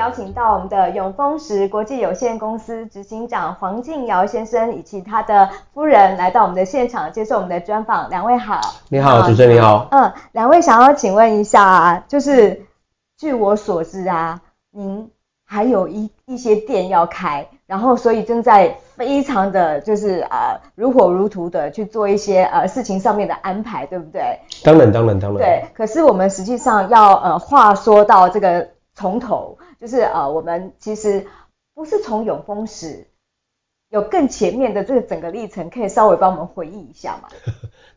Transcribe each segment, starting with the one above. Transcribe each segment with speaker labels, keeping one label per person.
Speaker 1: 邀請到我們的永蘴食國際有限公司執行長黃敬堯先生以及他的夫人來到我們的現場接受我們的專訪。兩位好，你好，呃、主持人你好。嗯，兩位想要請問一下啊，就是據我所知啊，您還有一一些店要開，然後所以正在非常的就是呃如火如荼的去做一些呃事情上面的安排，對不對？當然，當然，當然。對，可是我們實際上要呃話說到這個從頭。就是啊，我們其實不是從永蘴食，有更前面的這個整個歷程，可以稍微幫我們回憶一下嘛？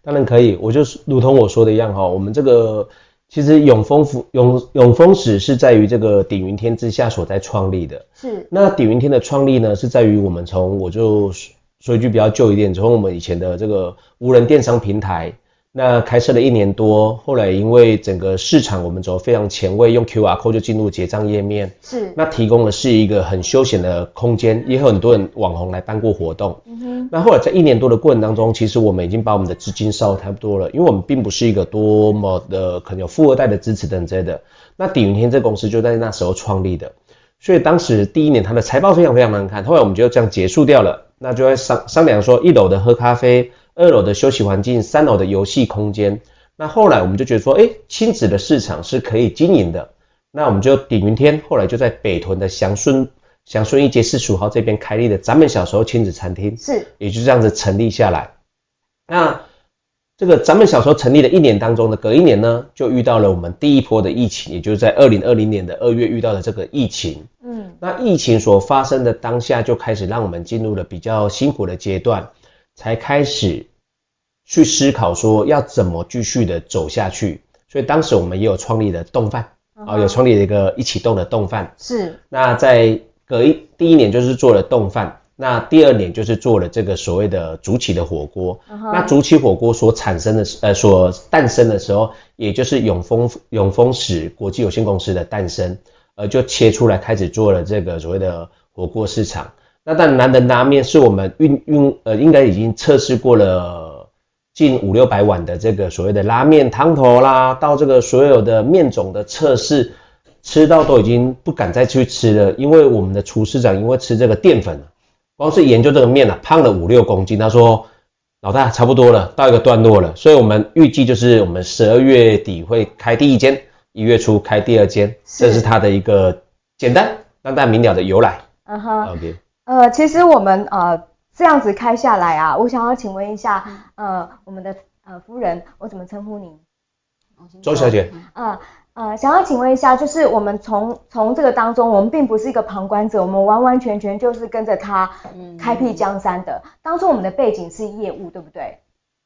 Speaker 2: 當然可以，我就是如同我說的一樣哈，我們這個其實永蘴食永永蘴食是在於這個鼎雲天之下所在創立的。
Speaker 1: 是，
Speaker 3: 那
Speaker 2: 鼎雲天的創立呢，是在於我們從我就說一句比較舊一點，從我們以前的這個無人電商平台。那開設了一年多，後來因為整個市場，我們走非常前衛，用 QR Code 就進入結賬頁面。是，那提供的是一個很休閒的空間，也有很多人網紅來辦過活動。嗯。那後來在一年多的過程當中，其實我們已經把我們的資金燒的差不多了，因為我們並不是一個多麼的可能有富二代的支持等之類的。那底雲天這公司就在那時候創立的，所以當時第一年它的財報非常非常難看，後來我們就這樣結束掉了。那就在商商量說一樓的喝咖啡。二樓的休息環境，三樓的遊戲空間。那後來我們就覺得說，誒，親子的市場是可以經營的。那我們就頂雲天，後來就在北屯的祥順祥順一街四十五號這邊開立的。咱們小時候親子餐廳是，也就這樣子成立下來。那這個咱們小時候成立的一年當中呢，隔一年呢，就遇到了我們第一波的疫情，也就是在二零二零年的二月遇到的這個疫情。嗯，那疫情所發生的當下，就開始讓我們進入了比較辛苦的階段，才開始。去思考說要怎麼繼續的走下去，所以當時我們也有創立了凍飯啊、uh -huh. 呃，有創立了一個一起凍的凍飯是。那在隔一第一年就是做了凍飯，那第二年就是做了這個所謂的煮起的火鍋。Uh -huh. 那煮起火鍋所產生的呃所誕生的時候，也就是永蘴永蘴食國際有限公司的誕生，呃就切出來開始做了這個所謂的火鍋市場。那但南的拉麵是我們運用呃應該已經測試過了。近五六百碗的這個所謂的拉麵湯頭啦，到這個所有的麵種的測試，吃到都已經不敢再去吃了，因為我們的廚師長因為吃這個澱粉，光是研究這個麵啊，胖了五六公斤。他說，老大差不多了，到一個段落了，所以我們預計就是我們十二月底會開第一間，一月初開第二間，這是他的一個簡單單單明了的由來。嗯、
Speaker 1: uh、哈 -huh.，OK，、uh -huh. 呃，其實我們啊。Uh 這樣子開下來啊，我想要請問一下，呃，我們的呃夫人，我怎麼稱呼您？
Speaker 2: 周小姐。
Speaker 1: 呃呃，想要請問一下，就是我們從從這個當中，我們並不是一個旁觀者，我們完完全全就是跟着他開闢江山的。當初我們的背景是業務，對不對？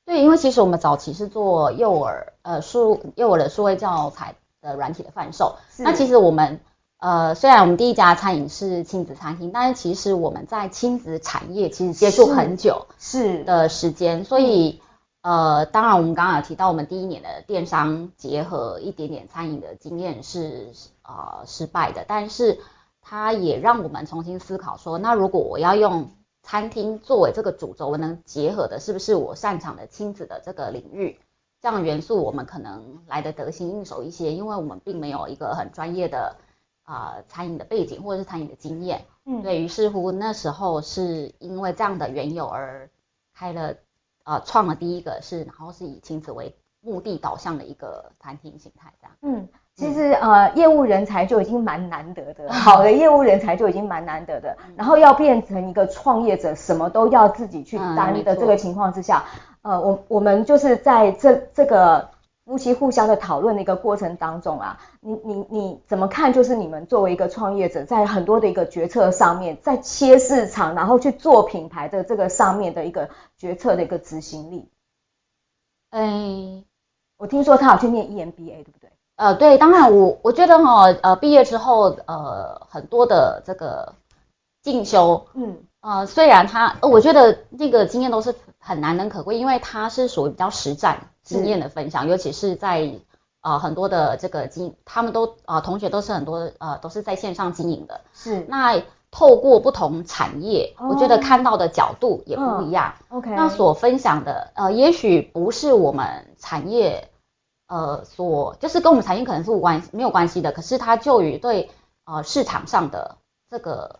Speaker 3: 對，因為其實我們早期是做幼兒呃數幼兒的數位教材的軟體的販售是，那其實我們。呃，雖然我們第一家餐飲是親子餐廳，但是其實我們在親子產業其實接觸很久是的時間，所以、嗯、呃，當然我們剛剛有提到我們第一年的電商結合一點點餐飲的經驗是啊、呃、失敗的，但是它也讓我們重新思考說，那如果我要用餐廳作為這個主軸，我能結合的是不是我擅長的親子的這個領域，這樣元素我們可能來得得心應手一些，因為我們並沒有一個很專業的。啊、呃，餐飲的背景或者是餐飲的經驗，嗯，對於是乎那時候是因為這樣的緣由而開了，呃，創了第一個是，然後是以親子為目的導向的一個餐廳形態，這樣。
Speaker 1: 嗯，其實呃、嗯，業務人才就已經蠻難得的，好的
Speaker 3: 業務人才就已經蠻難
Speaker 1: 得的， 然後要變成一個創業者，什麼都要自己去擔的這個情況之下，嗯、呃，我我們就是在這這個。夫妻互相的討論的一個過程當中啊，你你你怎麼看？就是你們作為一個創業者，在很多的一個決策上面，在切市場然後去做品牌的這個上面的一個決策的一個執行力。
Speaker 3: 嗯、欸、我聽說他有去念 EMBA，對不對？呃，對，當然我我覺得哈、喔，呃，畢業之後呃很多的這個進修，嗯。呃，雖然他、呃，我覺得那個經驗都是很難能可貴，因為他是屬於比較實戰經驗的分享，尤其是在呃很多的這個經，他們都啊、呃、同學都是很多呃都是在線上經營的，是。那透過不同產業，哦、我覺得看到的角度也不一樣。OK、嗯。那所分享的呃，也許不是我們產業呃所，就是跟我們產業可能是無關沒有關係的，可是他就與對呃市場上的這個。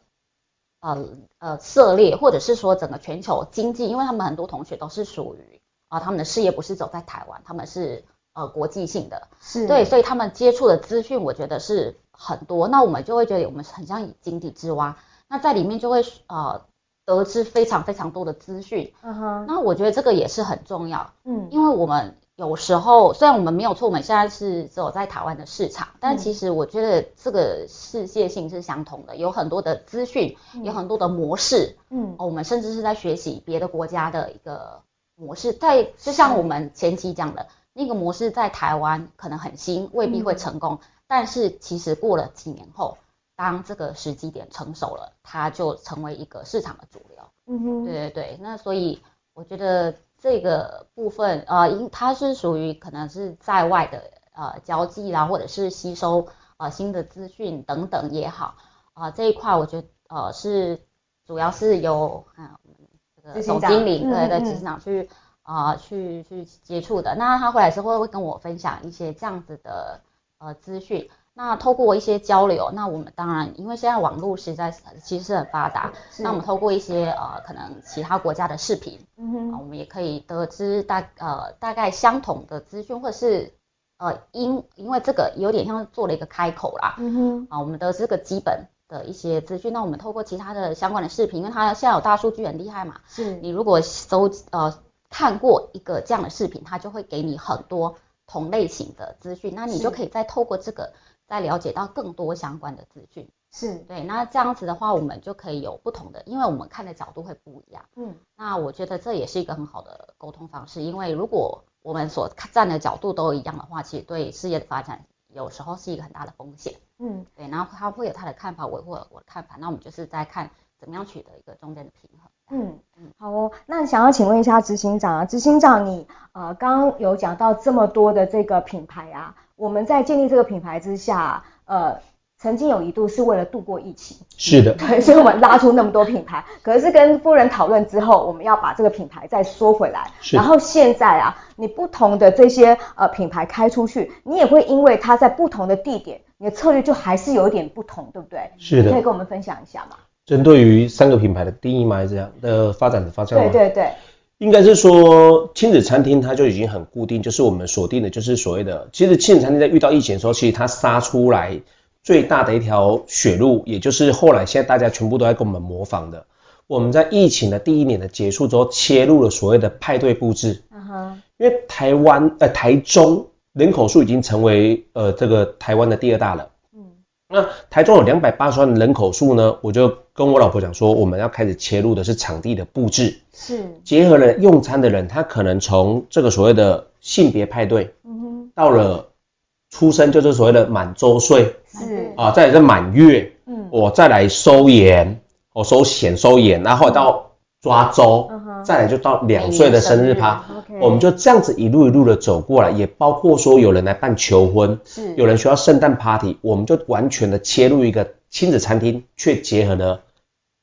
Speaker 3: 呃呃，涉、呃、獵或者是說整個全球經濟，因為他們很多同學都是屬於啊、呃，他們的事業不是走在台灣，他們是呃國際性的，是對，所以他們接觸的資訊我覺得是很多，那我們就會覺得我們很像井底之蛙，那在裡面就會呃得知非常非常多的資訊，嗯、uh、哼 -huh，那我覺得這個也是很重要，嗯，因為我們。有時候雖然我們沒有錯，我們現在是走在台灣的市場，但其實我覺得這個世界性是相同的，有很多的資訊，有很多的模式，嗯，嗯啊、我們甚至是在學習別的國家的一個模式。在就像我們前期講的，那個模式在台灣可能很新，未必會成功、嗯，但是其實過了幾年後，當這個時機點成熟了，它就成為一個市場的主流。嗯哼，對對對，那所以我覺得。這個部分，呃，因它是屬於可能是在外的，呃，交際啦，或者是吸收啊、呃、新的資訊等等也好，啊、呃，這一塊我覺得，呃，是主要是由我們、呃、這個總經理對的、嗯嗯、對的，執行長去啊、呃、去去接觸的。那他回來時候會跟我分享一些這樣子的呃資訊。那透過一些交流，那我們當然，因為現在網絡實在其實是很發達，那我們透過一些呃可能其他國家的視頻，嗯哼、啊，我們也可以得知大呃大概相同的資訊，或者是呃因因為這個有點像做了一個開口啦，嗯哼，啊我們得知個基本的一些資訊，那我們透過其他的相關的視頻，因為它現在有大數據很厲害嘛，是，你如果搜呃看過一個這樣的視頻，它就會給你很多同類型的資訊，那你就可以再透過這個，再了解到更多相關的資訊，是對。那這樣子的話，我們就可以有不同的，因為我們看的角度會不一樣。嗯。那我覺得這也是一個很好的溝通方式，因為如果我們所站的角度都一樣的話，其實對事業的發展有時候是一個很大的風險。嗯，對。然後他會有他的看法，我會有我的看法，那我們就是在看怎麼樣取得一個中間的平
Speaker 1: 衡。嗯嗯，好哦。那想要請問一下執行長啊，執行長，你呃剛有講到這麼多的這個品牌啊。我們在建立這個品牌之下，呃，曾經有一度是為了度過疫情，是的，對，所以我們拉出那麼多品牌。可是跟夫人討論之後，我們要把這個品牌再縮回來。是。然後現在啊，你不同的這些呃品牌開出去，你也會因為它在不同的地點，你的策略就還是有一點不同，對不對？是的。你可以跟我們分享一下嗎？
Speaker 2: 針對於三個品牌的定義嗎？還是這樣的發展的方向？對對對。應該是說，親子餐廳它就已經很固定，就是我們鎖定的，就是所謂的。其實親子餐廳在遇到疫情的時候，其實它殺出來最大的一條血路，也就是後來現在大家全部都在跟我們模仿的。我們在疫情的第一年的結束之後，切入了所謂的派對佈置，Uh-huh. 因為台灣呃，台中人口數已經成為呃這個台灣的第二大了。那台中有兩百八十萬的人口數呢，我就跟我老婆講說，我們要開始切入的是場地的布置，是結合了用餐的人，他可能從這個所謂的性別派對，嗯哼，到了出生就是所謂的滿周歲，是啊，再來是滿月，嗯，我、哦、再來收涎，我、哦、收涎收涎，然後到、嗯。抓周，uh -huh, 再來就到兩歲的生日趴、哎生日，我們就這樣子一路一路的走過來，okay、也包括說有人來辦求婚，是有人需要聖誕 party，我們就完全的切入一個親子餐廳，卻結合了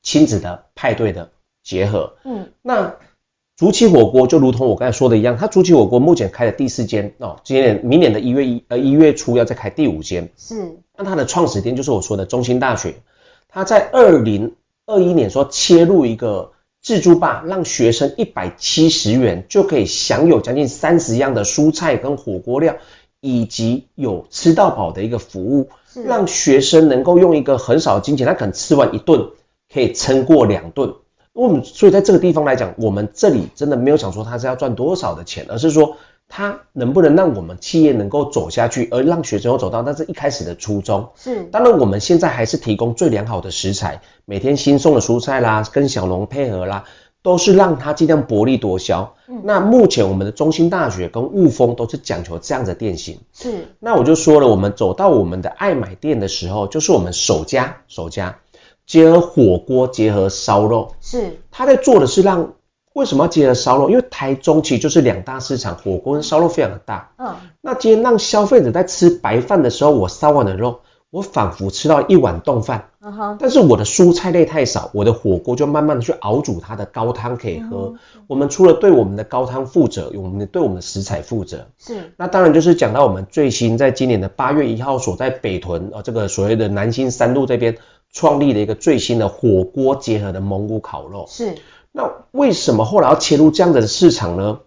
Speaker 2: 親子的派對的結合。嗯，那竹起火鍋就如同我剛才說的一樣，他竹起火鍋目前開的第四間哦，今年、嗯、明年的一月一呃一月初要再開第五間。是，那他的創始店就是我說的中興大學，他在二零二一年說切入一個。自助吧讓學生一百七十元就可以享有將近三十樣的蔬菜跟火鍋料，以及有吃到飽的一個服務，讓學生能夠用一個很少的金錢，他可能吃完一頓可以撐過兩頓。我們所以在這個地方來講，我們這裡真的沒有想說他是要賺多少的錢，而是說。它能不能讓我們企業能夠走下去，而讓學生走到？那是一開始的初衷是，當然我們現在還是提供最良好的食材，每天新送的蔬菜啦，跟小農配合啦，都是讓它儘量薄利多銷。嗯，那目前我們的中興大學跟霧峰都是講求這樣的店型。是，那我就說了，我們走到我們的愛買店的時候，就是我們首家首家結合火鍋，結合燒肉。是，他在做的是讓。為什麼要結合燒肉？因為台中其實就是兩大市場，火鍋跟燒肉非常的大。嗯，那今天讓消費者在吃白飯的時候，我燒完的肉，我仿佛吃到一碗丼飯。嗯，但是我的蔬菜類太少，我的火鍋就慢慢的去熬煮它的高湯可以喝。嗯。我們除了對我們的高湯負責，我們對我們的食材負責。是，那當然就是講到我們最新在今年的八月一號，所在北屯啊，這個所謂的南新三路這邊創立的一個最新的火鍋結合的蒙古烤肉。是。那為什麼後來要切入這樣的市場呢？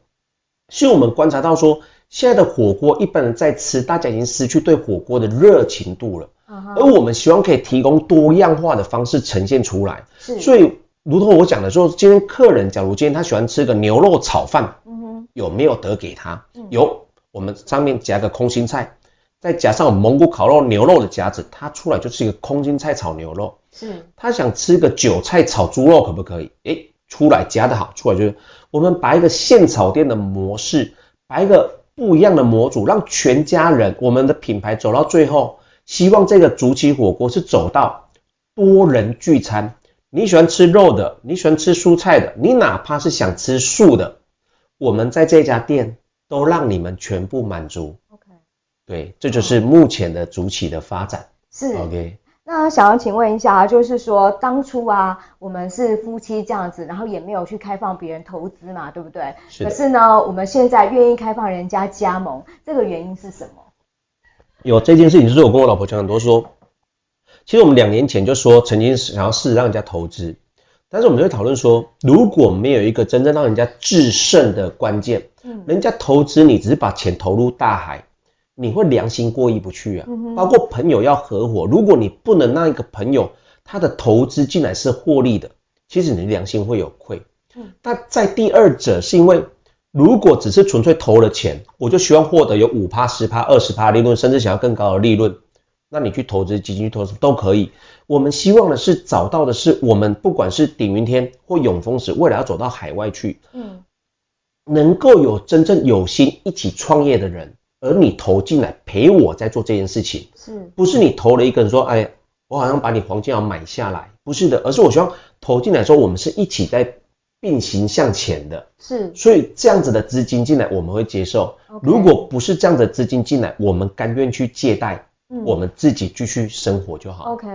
Speaker 2: 是我們觀察到說，現在的火鍋一般人在吃，大家已經失去對火鍋的熱情度了。Uh -huh. 而我們希望可以提供多樣化的方式呈現出來。Uh -huh. 所以如同我講的說，今天客人假如今天他喜歡吃個牛肉炒飯，嗯哼，有沒有得給他？Uh -huh. 有，我們上面夾個空心菜，再加上蒙古烤肉牛肉的夾子，他出來就是一個空心菜炒牛肉。是、uh -huh.，他想吃個韭菜炒豬肉可不可以？哎。出來加的好處，出來就是我們把一個現炒店的模式，把一個不一樣的模組，讓全家人，我們的品牌走到最後，希望這個竹起火鍋是走到多人聚餐。你喜歡吃肉的，你喜歡吃蔬菜的，你哪怕是想吃素的，我們在這家店都讓你們全部滿足。對，這就是目前的竹起的發展。是，OK, okay。
Speaker 1: 那想要請問一下啊，就是說當初啊，我們是夫妻這樣子，然後也沒有去開放別人投資嘛，對不對？是的。可是呢，我們現在願意開放人家加盟，這個原因是什麼？
Speaker 2: 有這件事情，就是我跟我老婆講很多說，說其實我們兩年前就說曾經想要試着讓人家投資，但是我們就會討論說，如果沒有一個真正讓人家致勝的關鍵，嗯，人家投資你只是把錢投入大海。你會良心過意不去啊！包括朋友要合夥，如果你不能讓一個朋友他的投資進來是獲利的，其實你良心會有愧。但那在第二者是因為，如果只是純粹投了錢，我就希望獲得有五趴、十趴、二十趴利潤，甚至想要更高的利潤，那你去投資基金、去投資都可以。我們希望的是找到的是我們不管是頂雲天或永蘴食，未來要走到海外去，嗯，能夠有真正有心一起創業的人。而你投進來陪我在做這件事情，是不是你投了一個人說：“哎，我好像把你黃金要買下來。”不是的，而是我希望投進來說我們是一起在並行向前的。是，所以這樣子的資金進來我們會接受。Okay，如果不是這樣子的資金進來，我們甘願去借貸，
Speaker 1: 我們自己繼續生活就好。嗯 OK，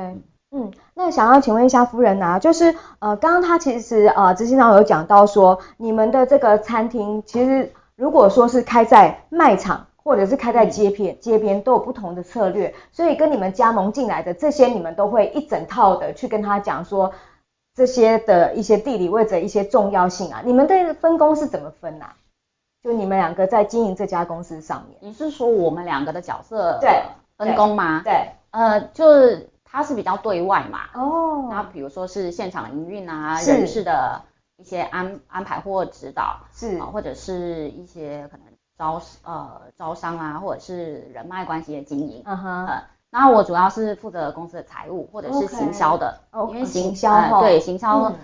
Speaker 1: 嗯，那想要請問一下夫人啊，就是呃，剛剛他其實呃，資金上有講到說你們的這個餐廳，其實如果說是開在賣場。或者是開在街邊、嗯，街邊都有不同的策略，所以跟你們加盟進來的這些，你們都會一整套的去跟他講說這些的一些地理位置、一些重要性啊。你們對分工是怎麼分啊？
Speaker 3: 就你們兩個在經營這家公司上面，你是說我們兩個的角色對分工嗎？對，對，呃，就是他是比較對外嘛，哦，那比如說是現場營運啊，人事的一些安安排或指導是，或者是一些可能。招呃招商啊，或者是人脈關係的經營。嗯哼，uh-huh. 呃，那我主要是負責公司的財務或者是行銷的，Okay. Okay. 因為行銷、呃、對行銷、嗯，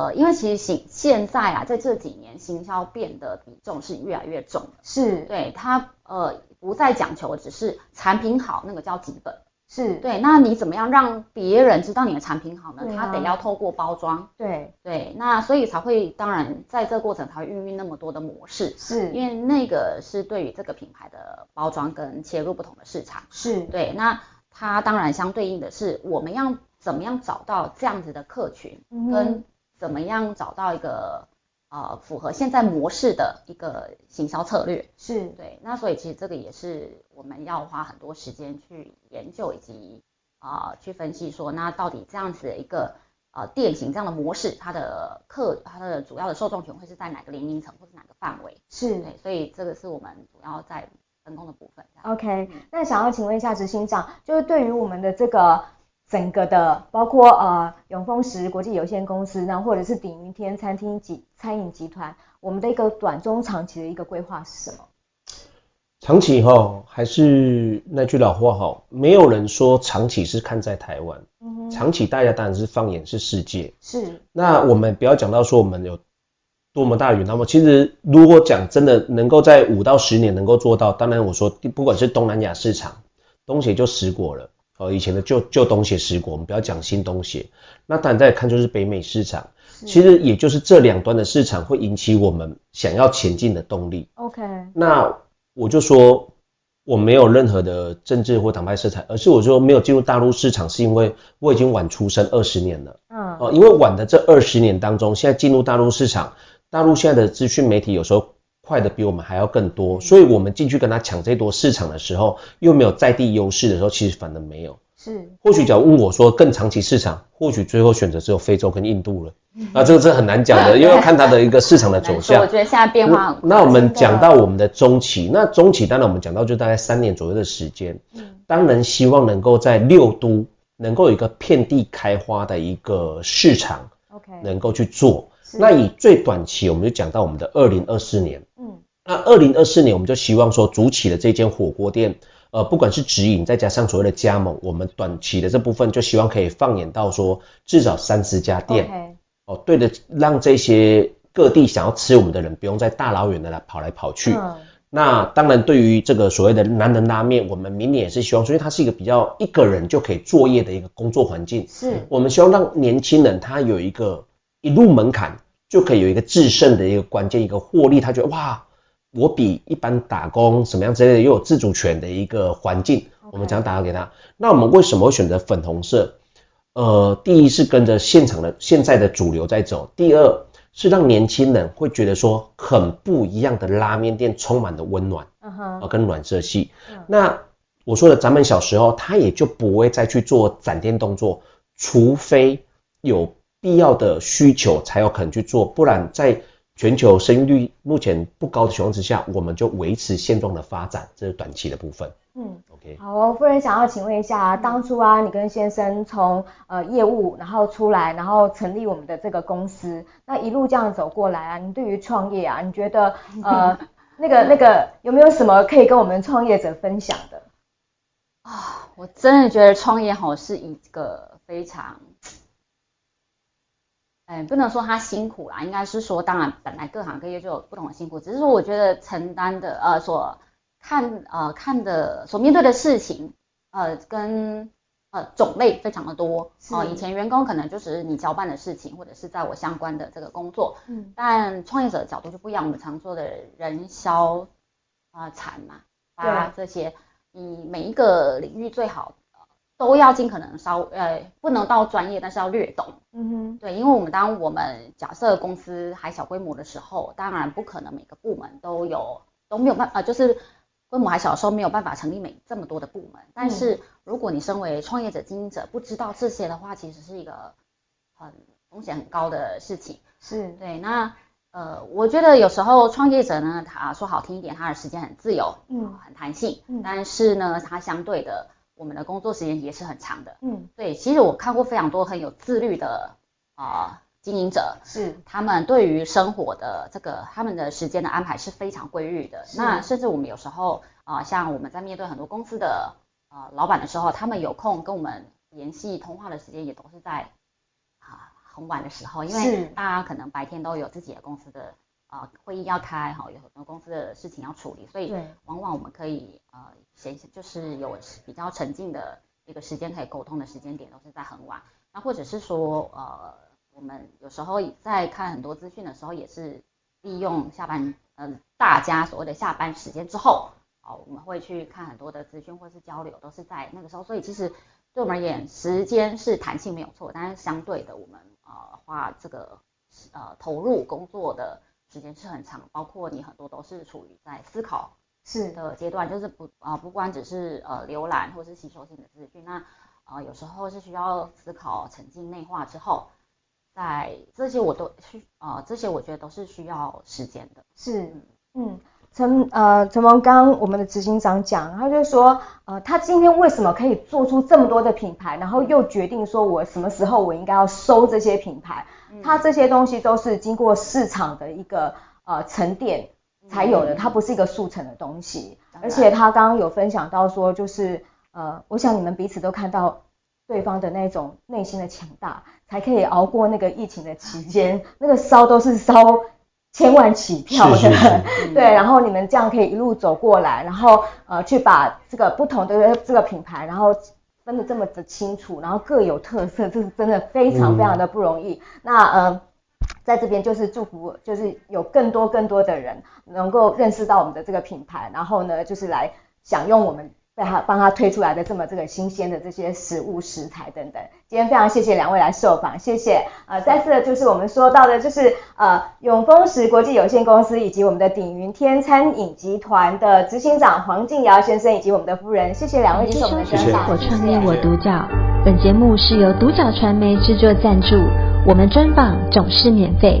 Speaker 3: 呃，因為其實行現在啊，在這幾年行銷變得比重是越來越重。是，對它呃不再講求，只是產品好，那個叫基本。是對，那你怎麼樣讓別人知道你的產品好呢？他得要透過包裝。對、啊、對，對，那所以才會，當然在這個過程才會孕育那麼多的模式。是，因為那個是對於這個品牌的包裝跟切入不同的市場。是對，那它當然相對應的是，我們要怎麼樣找到這樣子的客群，嗯、跟怎麼樣找到一個。呃，符合現在模式的一個行銷策略是對，那所以其實這個也是我們要花很多時間去研究以及啊、呃、去分析說，那到底這樣子的一個呃店型這樣的模式，它的客它的主要的受眾群會是在哪個年齡層或是哪個範圍是對，所以這個是我們主要在分工的部分。
Speaker 1: OK，那想要請問一下執行長，就是對於我們的這個。整個的包括呃、永蘴食國際有限公司，然後或者是頂云天餐廳及餐飲集團，我們的一個短中長期的一個規劃是什麼？
Speaker 2: 長期哈，還是那句老話哈，沒有人說長期是看在台灣，嗯、
Speaker 1: 哼，長
Speaker 2: 期大家當然是放眼是世界。是。那我們不要講到說我們有多麼大遠，那麼其實如果講真的能夠在五到十年能夠做到，當然我說不管是東南亞市場，東西也就十國了。呃，以前的舊舊東協十國，我們不要講新東協。那當然再看就是北美市場，其實也就是這兩端的市場會引起我們想要前進的動力。OK，那我就說我沒有任何的政治或黨派色彩，而是我就說沒有進入大陸市場是因為我已經晚出生二十年了。嗯，哦，因為晚的這二十年當中，現在進入大陸市場，大陸現在的資訊媒體有時候，快的比我們還要更多，所以我們進去跟他搶這一多市場的時候，又沒有在地優勢的時候，其實反而沒有。是，或許假如問我說更長期市場，或許最後選擇只有非洲跟印度了。
Speaker 3: 嗯、啊，這個是、這個、很難講的，因為要看他的
Speaker 2: 一個市場的走向。我覺
Speaker 3: 得現在變化很那。那我們講到我
Speaker 2: 們的中期，那中期當然我們講到就大概三年左右的時間。嗯，當然希望能夠在六都能夠有一個遍地開花的一個市場，OK，能夠去做。那以最短期，我們就講到我們的二零二四年。那二零二四年，我們就希望說，主起的這間火鍋店，呃，不管是直營，再加上所謂的加盟，我們短期的這部分，就希望可以放眼到說，至少三十家店。Okay. 哦，對的，讓這些各地想要吃我們的人，不用再大老遠的來跑來跑去。嗯、那當然，對於這個所謂的男人拉麵，我們明年也是希望，因為它是一個比較一個人就可以作業的一個工作環境，是我們希望讓年輕人他有一個一入門檻就可以有一個制勝的一個關鍵一個獲利，他覺得哇。我比一般打工什麼樣之類的，又有自主權的一個環境，okay. 我們想打給他。那我們為什麼會選擇粉紅色？呃，第一是跟着現場的現在的主流在走，第二是讓年輕人會覺得說很不一樣的拉麵店充滿了溫暖，啊、uh -huh. 呃，跟暖色系。Uh -huh. 那我說的，咱們小時候他也就不會再去做展店動作，除非有必要的需求才有可能去做，不然在。全球生育率目前不高的情況之下，我們就維持現狀的發展，這是短期的部分。
Speaker 1: 嗯，OK，好，夫人想要請問一下，當初啊，你跟先生從呃業務然後出來，然後成立我們的這個公司，那一路這樣走過來啊，你對於創業啊，你覺得
Speaker 3: 呃那個那個有沒有什麼可以跟我們創業者分享的？啊、 哦，我真的覺得創業好是一個非常。嗯、欸，不能說他辛苦啦，應該是說，當然本來各行各業就有不同的辛苦，只是說我覺得承擔的呃所看呃看的所面對的事情呃跟呃種類非常的多啊。以前員工可能就是你交辦的事情或者是在我相關的這個工作，嗯，但創業者的角度就不一樣，我們常說的人銷啊產嘛啊，這些，你每一個領域最好。都要盡可能稍微呃不能到專業，但是要略懂。嗯哼，對，因為我們當我們假設公司還小規模的時候，當然不可能每個部門都有都沒有辦法、呃、就是規模還小的時候沒有辦法成立每這麼多的部門。但是如果你身為創業者、經營者不知道這些的話，其實是一個很風險很高的事情。是對，那呃，我覺得有時候創業者呢，他說好聽一點，他的時間很自由，嗯，很彈性，嗯，但是呢，他相對的。我們的工作時間也是很長的，嗯，對，其實我看過非常多很有自律的啊、呃、經營者，是他們對於生活的這個他們的時間的安排是非常規律的。那甚至我們有時候啊、呃，像我們在面對很多公司的啊、呃、老闆的時候，他們有空跟我們聯繫通話的時間也都是在啊、呃、很晚的時候，因為大家、啊、可能白天都有自己的公司的。啊，會議要開好，有很多公司的事情要處理，所以往往我們可以呃閒，就是有比較沉靜的一個時間可以溝通的時間點都是在很晚，那或者是說呃我們有時候在看很多資訊的時候也是利用下班嗯、呃、大家所謂的下班時間之後啊、呃，我們會去看很多的資訊或者是交流都是在那個時候，所以其實對我們而言時間是彈性沒有錯，但是相對的我們啊花、呃、這個呃投入工作的。時間是很長，包括你很多都是處於在思考是的階段，是就是不啊、呃，不光只是呃瀏覽或是吸收性的資訊，那啊、呃、有時候是需要思考、沉浸、內化之後，在這些我都需啊、呃，這些我覺得都是需要時間的，是嗯。嗯嗯
Speaker 1: 陳呃，陳馮剛我們的執行長講，他就說，呃，他今天為什麼可以做出這麼多的品牌，然後又決定說我什麼時候我應該要收這些品牌，他這些東西都是經過市場的一個呃沉澱才有的，它不是一個速成的東西。而且他剛剛有分享到說，就是呃，我想你們彼此都看到對方的那種內心的強大，才可以熬過那個疫情的期間，那個燒都是燒。千萬起跳的， 對，然後你們這樣可以一路走過來，然後呃，去把這個不同的這個品牌，然後分得這麼的清楚，然後各有特色，這、就是真的非常的非常的不容易。嗯那嗯、呃，在這邊就是祝福，就是有更多更多的人能夠認識到我們的這個品牌，然後呢，就是來享用我們。對啊，幫他推出來的這麼這個新鮮的這些食物食材等等，今天非常謝謝兩位來受訪，謝謝。呃，再次的就是我們說到的，就是呃永蘴食國際有限公司以及我們的鼎雲天餐飲集團的執行長黃敬堯先生以及我們的夫人，謝謝兩位是我們的生謝謝。謝謝。我創業我獨
Speaker 3: 角。本節目是由獨角傳媒製作贊助，我們專訪總是免費。